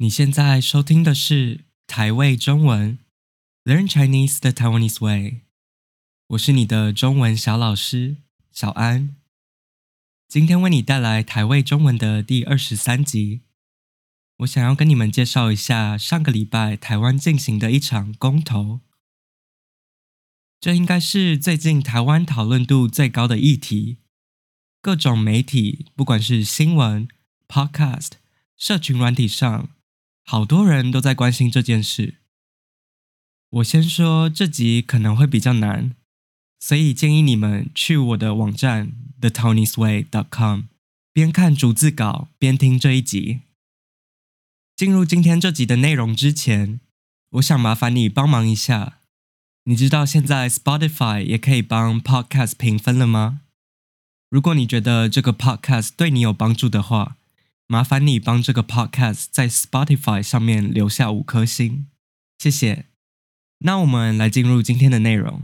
你現在收聽的是台味中文 Learn Chinese the Taiwanese Way，我是你的中文小老師小安，今天為你帶來台味中文的第二十三集。我想要跟你們介紹一下上個禮拜台灣進行的一場公投，這應該是最近台灣討論度最高的議題，各種媒體，不管是新聞、Podcast、社群軟體上。好多人都在關心這件事。我先說這集可能會比較難，所以建議你們去我的網站 thetaiwaneseway.com，邊看逐字稿邊聽這一集。進入今天這集的內容之前，我想麻煩你幫忙一下。你知道現在 Spotify 也可以幫 Podcast 評分了嗎？如果你覺得這個 Podcast 對你有幫助的話。麻煩你幫這個 podcast 在 Spotify 上面留下五顆星，謝謝。那我們來進入今天的內容。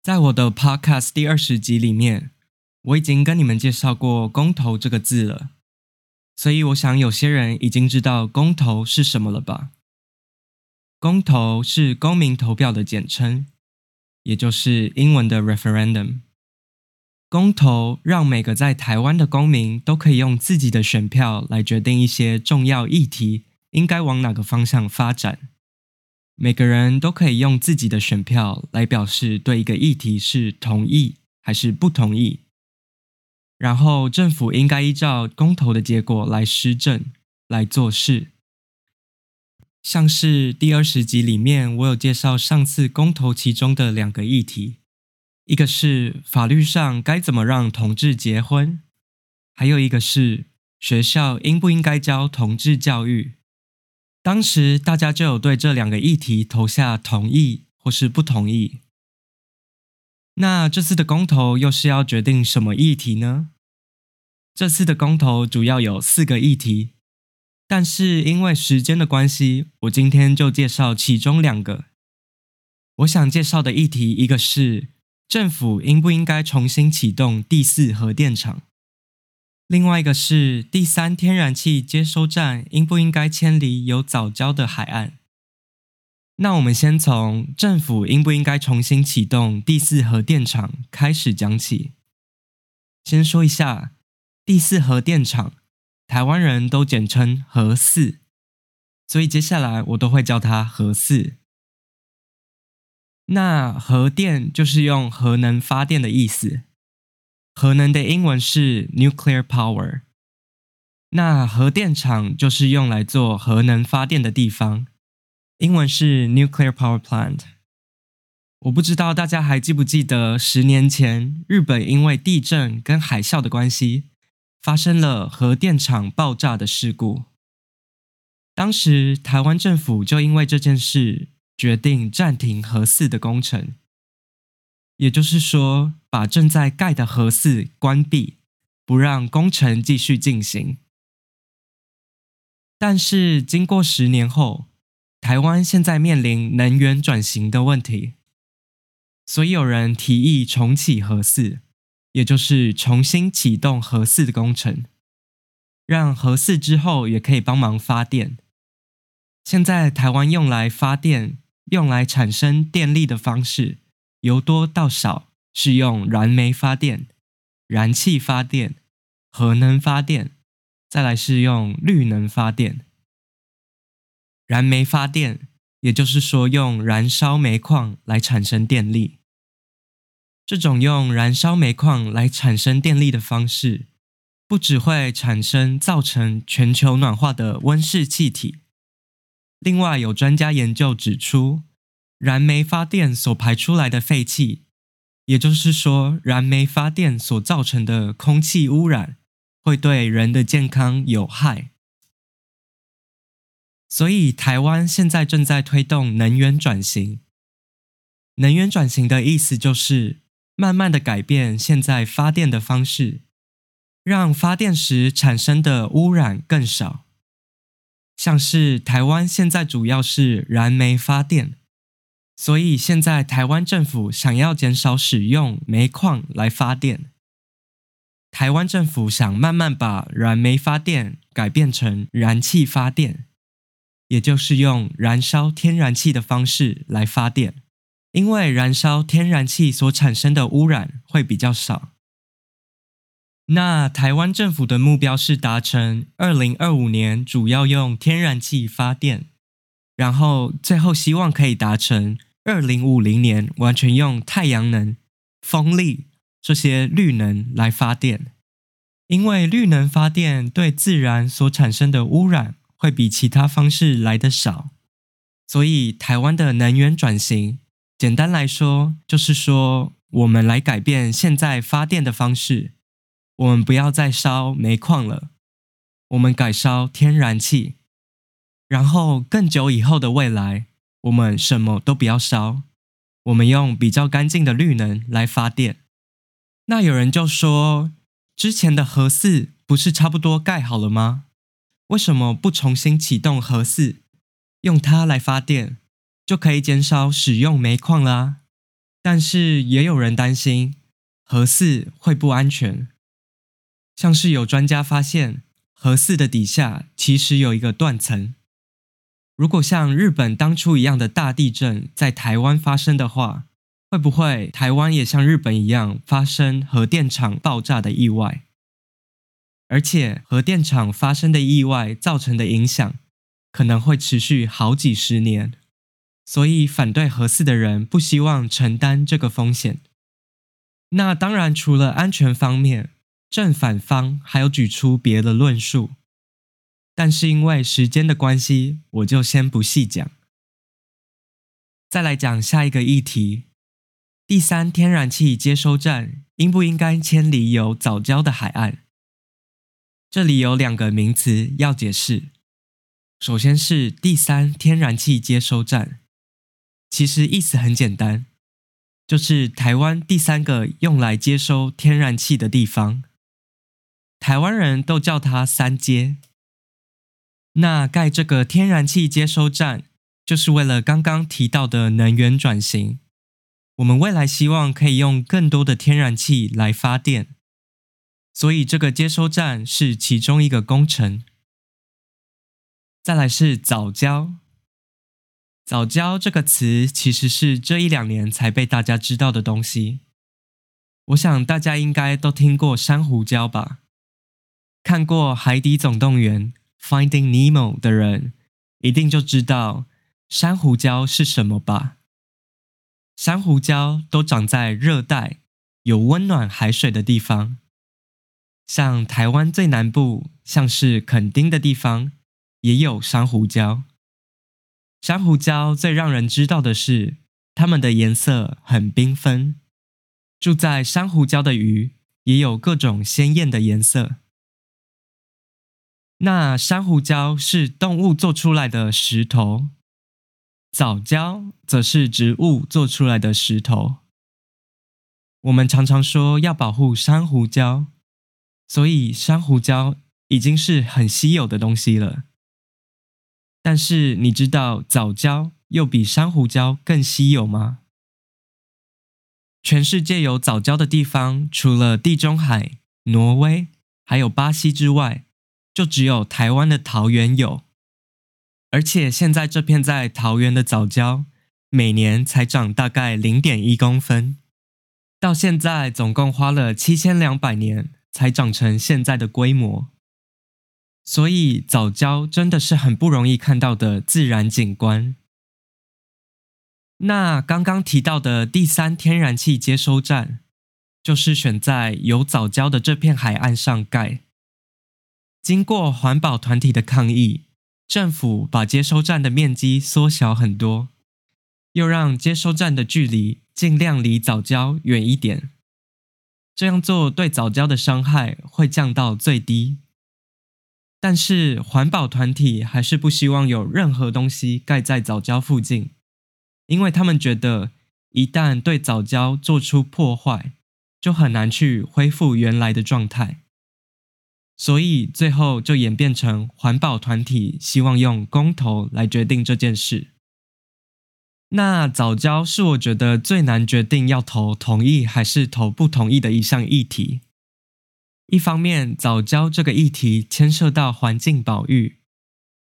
在我的 podcast 第二十集裡面，我已經跟你們介紹過“公投”這個字了，所以我想有些人已經知道“公投”是什麼了吧？“公投”是公民投票的簡稱，也就是英文的 referendum。公投讓每個在台灣的公民都可以用自己的選票來決定一些重要議題應該往哪個方向發展。每個人都可以用自己的選票來表示對一個議題是同意還是不同意。然後政府應該依照公投的結果來施政、來做事。像是第二十集裡面，我有介紹上次公投其中的兩個議題。一個是法律上該怎麼讓同志結婚，還有一個是學校應不應該教同志教育。當時大家就有對這兩個議題投下同意或是不同意。那這次的公投又是要決定什麼議題呢？這次的公投主要有四個議題，但是因為時間的關係，我今天就介紹其中兩個。我想介紹的議題一個是，政府應不應該重新啟動第四核電廠？另外一個是第三天然氣接收站應不應該遷離有藻礁的海岸？那我們先從政府應不應該重新啟動第四核電廠開始講起。先說一下第四核電廠，台灣人都簡稱核四，所以接下來我都會叫它核四。那核電就是用核能發電的意思，核能的英文是 nuclear power。那核電廠就是用來做核能發電的地方，英文是 nuclear power plant。我不知道大家還記不記得十年前日本因為地震跟海嘯的關係，發生了核電廠爆炸的事故。當時台灣政府就因為這件事，決定暫停核四的工程，也就是說，把正在蓋的核四關閉，不讓工程繼續進行。但是，經過十年後，台灣現在面臨能源轉型的問題，所以有人提議重啟核四，也就是重新啟動核四的工程，讓核四之後也可以幫忙發電。現在台灣用來發電，用來產生電力的方式，由多到少是用燃煤發電、燃氣發電、核能發電，再來是用綠能發電。燃煤發電，也就是說用燃燒煤礦來產生電力。這種用燃燒煤礦來產生電力的方式，不只會產生造成全球暖化的溫室氣體。另外，有專家研究指出，燃煤發電所排出來的廢氣，也就是說，燃煤發電所造成的空氣污染，會對人的健康有害。所以，台灣現在正在推動能源轉型。能源轉型的意思就是，慢慢的改變現在發電的方式，讓發電時產生的污染更少。像是台灣現在主要是燃煤發電，所以現在台灣政府想要減少使用煤礦來發電。台灣政府想慢慢把燃煤發電改變成燃氣發電，也就是用燃燒天然氣的方式來發電，因為燃燒天然氣所產生的污染會比較少。那台灣政府的目標是達成二零二五年主要用天然氣發電，然後最後希望可以達成二零五零年完全用太陽能、風力這些綠能來發電。因為綠能發電對自然所產生的污染會比其他方式來得少，所以台灣的能源轉型，簡單來說就是說我們來改變現在發電的方式。我們不要再燒煤礦了，我們改燒天然氣。然後更久以後的未來，我們什麼都不要燒，我們用比較乾淨的綠能來發電。那有人就說，之前的核四不是差不多蓋好了嗎？為什麼不重新啟動核四，用它來發電，就可以減少使用煤礦啦？但是也有人擔心，核四會不安全。像是有專家發現，核四的底下其實有一個斷層。如果像日本當初一樣的大地震在台灣發生的話，會不會台灣也像日本一樣發生核電廠爆炸的意外？而且核電廠發生的意外造成的影響，可能會持續好幾十年。所以反對核四的人不希望承擔這個風險。那當然，除了安全方面，正反方還有舉出別的論述，但是因為時間的關係，我就先不細講。再來講下一個議題：第三天然氣接收站應不應該遷離有藻礁的海岸？這裡有兩個名詞要解釋。首先是第三天然氣接收站，其實意思很簡單，就是台灣第三個用來接收天然氣的地方。台灣人都叫它三接。那蓋這個天然氣接收站就是為了剛剛提到的能源轉型。我們未來希望可以用更多的天然氣來發電，所以這個接收站是其中一個工程。再來是藻礁，藻礁這個詞其實是這一兩年才被大家知道的東西。我想大家應該都聽過珊瑚礁吧？看過《海底總動員》《Finding Nemo》的人，一定就知道珊瑚礁是什麼吧？珊瑚礁都長在熱帶有溫暖海水的地方，像台灣最南部，像是墾丁的地方，也有珊瑚礁。珊瑚礁最讓人知道的是，它們的顏色很繽紛。住在珊瑚礁的魚，也有各種鮮豔的顏色。那珊瑚礁是動物做出來的石頭，藻礁則是植物做出來的石頭。我們常常說要保護珊瑚礁，所以珊瑚礁已經是很稀有的東西了。但是你知道藻礁又比珊瑚礁更稀有嗎？全世界有藻礁的地方，除了地中海、挪威還有巴西之外，就只有台灣的桃園有，而且現在這片在桃園的藻礁，每年才長大概零點一公分，到現在總共花了七千兩百年才長成現在的規模，所以藻礁真的是很不容易看到的自然景觀。那剛剛提到的第三天然氣接收站，就是選在有藻礁的這片海岸上蓋。經過環保團體的抗議，政府把接收站的面積縮小很多，又讓接收站的距離儘量離藻礁遠一點。這樣做對藻礁的傷害會降到最低。但是環保團體還是不希望有任何東西蓋在藻礁附近，因為他們覺得一旦對藻礁做出破壞，就很難去恢復原來的狀態。所以最後就演變成環保團體希望用公投來決定這件事。那藻礁是我覺得最難決定要投同意還是投不同意的一項議題。一方面，藻礁這個議題牽涉到環境保育，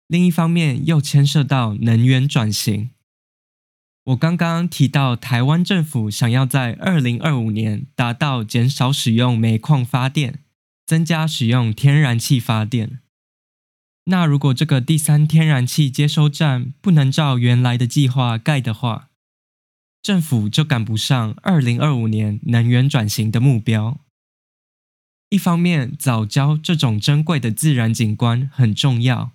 另一方面，又牽涉到能源轉型。我剛剛提到，台灣政府想要在二零二五年達到減少使用煤礦發電。增加使用天然氣發電。那如果這個第三天然氣接收站不能照原來的計劃蓋的話，政府就趕不上二零二五年能源轉型的目標。一方面，藻礁這種珍貴的自然景觀很重要；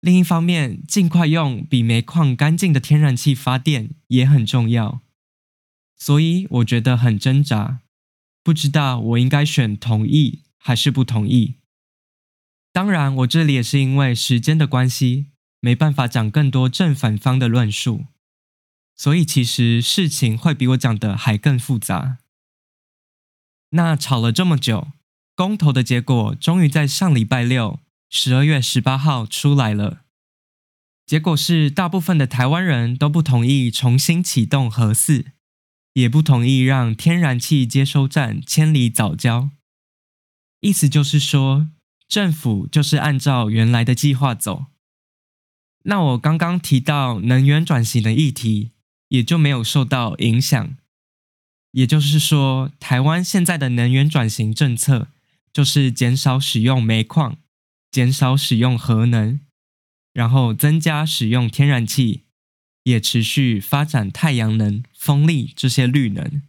另一方面，儘快用比煤礦乾淨的天然氣發電也很重要。所以，我覺得很掙扎，不知道我應該選同意。還是不同意。當然，我這裡也是因為時間的關係，沒辦法講更多正反方的論述，所以其實事情會比我講的還更複雜。那吵了這麼久，公投的結果終於在上禮拜六，十二月十八號出來了。結果是，大部分的台灣人都不同意重新啟動核四，也不同意讓天然氣接收站遷離藻礁。意思就是說，政府就是按照原來的計劃走。那我剛剛提到能源轉型的議題，也就沒有受到影響。也就是說，台灣現在的能源轉型政策，就是減少使用煤礦，減少使用核能，然後增加使用天然氣，也持續發展太陽能、風力這些綠能。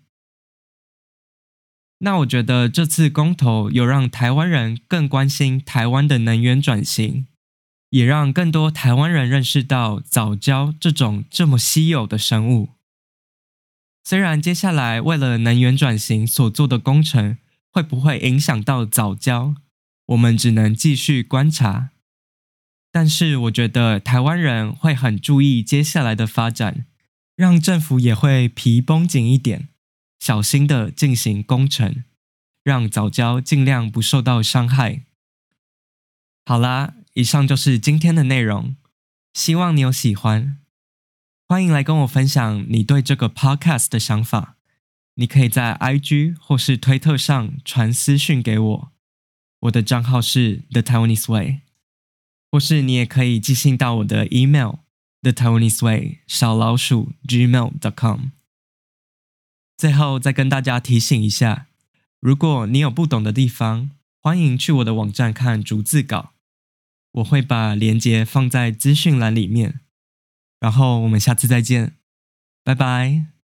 那我覺得這次公投有讓台灣人更關心台灣的能源轉型，也讓更多台灣人認識到藻礁這種這麼稀有的生物。雖然接下來為了能源轉型所做的工程會不會影響到藻礁，我們只能繼續觀察。但是我覺得台灣人會很注意接下來的發展，讓政府也會皮繃緊一點。小心地進行工程，讓藻礁盡量不受到傷害。好啦，以上就是今天的內容，希望你有喜歡。歡迎來跟我分享你對這個 podcast 的想法，你可以在 IG 或是推特上傳私訊給我，我的賬號是 The Taiwanese Way，或是你也可以寄信到我的 email The Taiwanese Way 小老鼠 gmail.com。Gmail .com 最後再跟大家提醒一下，如果你有不懂的地方，歡迎去我的網站看逐字稿，我會把連結放在資訊欄裡面。然後我們下次再見，拜拜。